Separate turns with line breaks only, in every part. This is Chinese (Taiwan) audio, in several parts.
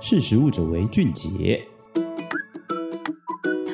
識食物者為俊傑。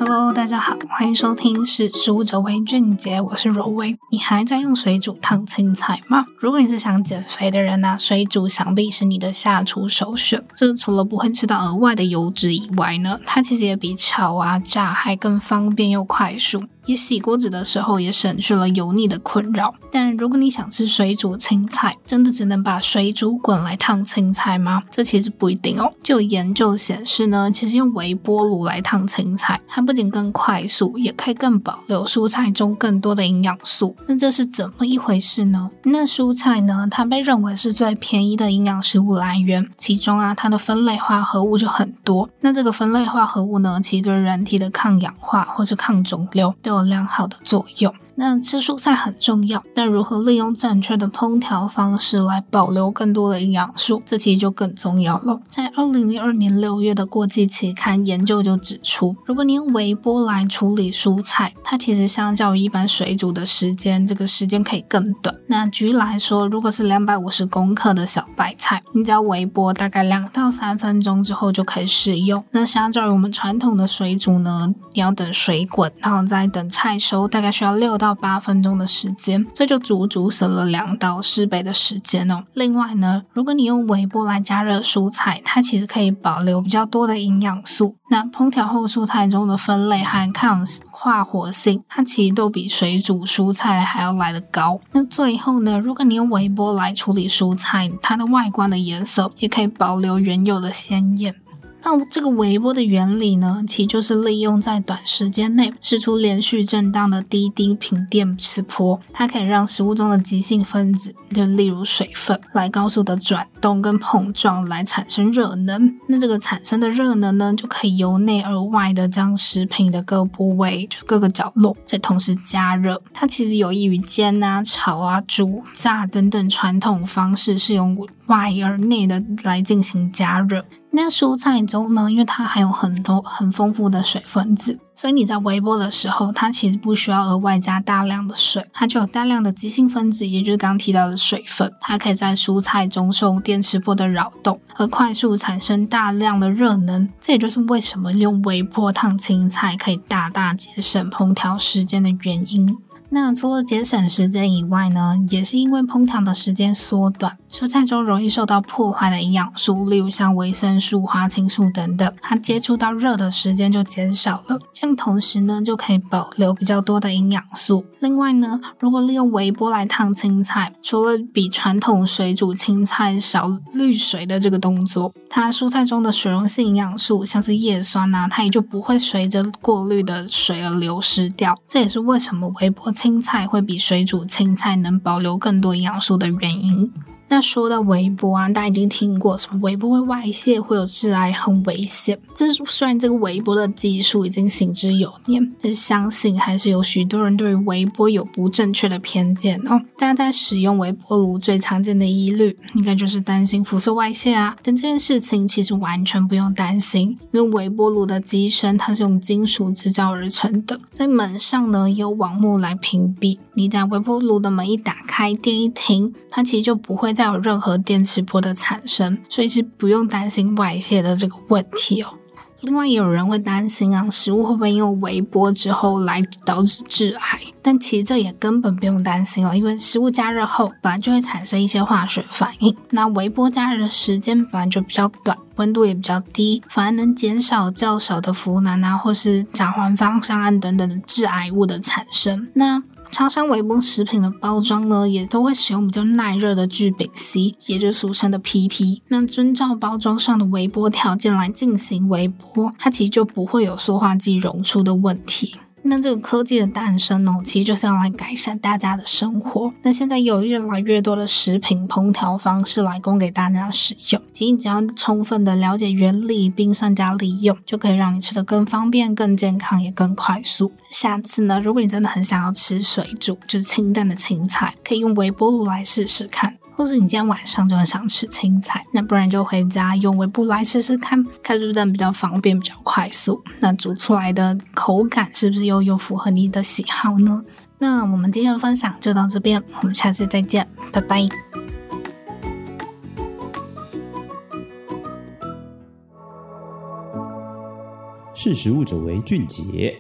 Hello，大家好，歡迎收聽識食物者為俊傑，我是若威。你還在用水煮燙青菜嗎？如果你是想減肥的人呢、啊，水煮想必是你的下廚首選。這、就是、除了不會吃到額外的油脂以外呢，它其實也比炒啊、炸還更方便又快速。也洗鍋子的時候也省去了油膩的困擾。但如果你想吃水煮青菜，真的只能把水煮滾來燙青菜嗎？這其實不一定哦。就研究顯示呢，其實用微波爐來燙青菜，它不僅更快速，也可以更保留蔬菜中更多的營養素。那這是怎麼一回事呢？那蔬菜呢，它被認為是最便宜的營養食物來源，其中啊，它的酚類化合物就很多。那這個酚類化合物呢，其實對人體的抗氧化或者抗腫瘤有良好的作用。那吃蔬菜很重要，但如何利用正確的烹調方式來保留更多的營養素，這題就更重要了。在二零零二年六月的《國際期刊》研究就指出，如果你用微波來處理蔬菜，它其實相較於一般水煮的時間，這個時間可以更短。那舉例來說，如果是兩百五十公克的小白菜，你只要微波大概兩到三分鐘之後就可以食用。那相較於我們傳統的水煮呢，你要等水滾，然後再等菜熟，大概需要六到到八分鐘的時間，這就足足省了兩到四倍的時間哦。另外呢，如果你用微波來加熱蔬菜，它其實可以保留比較多的營養素。那烹調後蔬菜中的酚類和抗氧化活性，它其實都比水煮蔬菜還要來得高。那最後呢，如果你用微波來處理蔬菜，它的外觀的顏色也可以保留原有的鮮豔。那這個微波的原理呢，其實就是利用在短時間內釋出連續震盪的低低頻電磁波，它可以讓食物中的極性分子，就例如水分，來高速的轉動跟碰撞，來產生熱能。那這個產生的熱能呢，就可以由內而外的將食品的各部位就各個角落在同時加熱。它其實有益於煎啊、炒啊、煮、炸等等傳統方式是用。外而內的來進行加熱。那蔬菜中呢，因為它含有很多很豐富的水分子，所以你在微波的時候，它其實不需要額外加大量的水，它就有大量的極性分子，也就是剛剛提到的水分，它可以在蔬菜中受電磁波的擾動而快速產生大量的熱能。這也就是為什麼用微波燙青菜可以大大節省烹調時間的原因。那除了節省時間以外呢，也是因為烹調的時間縮短，蔬菜中容易受到破壞的營養素，例如像維生素、花青素等等，它接觸到熱的時間就減少了，這樣同時呢就可以保留比較多的營養素。另外呢，如果利用微波來燙青菜，除了比傳統水煮青菜少濾水的這個動作，它蔬菜中的水溶性營養素，像是葉酸吶、啊，它也就不會隨着過濾的水而流失掉。這也是為什麼微波菜青菜會比水煮青菜能保留更多營養素的原因。那說到微波啊，大家已經聽過什麼微波會外泄，會有致癌，很危險。這是雖然這個微波的技術已經行之有年，但是相信還是有許多人對於微波有不正確的偏見哦。大家在使用微波爐最常見的疑慮，應該就是擔心輻射外泄啊。但這件事情其實完全不用擔心，因為微波爐的機身它是用金屬製造而成的，在門上呢也有網目來屏蔽。你在微波爐的門一打開，電一停，它其實就不會。再有任何電磁波的產生，所以是不用擔心外泄的這個問題哦。另外，也有人會擔心啊，食物會不會因為微波之後來導致致癌？但其實這也根本不用擔心哦，因為食物加熱後本來就會產生一些化學反應，那微波加熱的時間本來就比較短，溫度也比較低，反而能減少較少的呋喃吶或是雜環芳香胺等等的致癌物的產生。那超商微波食品的包裝呢，也都會使用比較耐熱的聚丙烯，也就是俗稱的 PP。那遵照包裝上的微波條件來進行微波，它其實就不會有塑化劑溶出的問題。那這個科技的誕生呢、哦，其實就是要來改善大家的生活。那現在有越來越多的食品烹調方式來供給大家使用，其實你只要充分的了解原理並善加利用，就可以讓你吃得更方便、更健康也更快速。下次呢，如果你真的很想要吃水煮，就是清淡的青菜，可以用微波爐來試試看。或是你今天晚上就很想吃青菜，那不然就回家用微波爐來試試看，看是不是比較方便，比較快速。那煮出來的口感是不是又又符合你的喜好呢？那我們今天的分享就到這邊，我們下次再見，拜拜。識食物者為俊傑。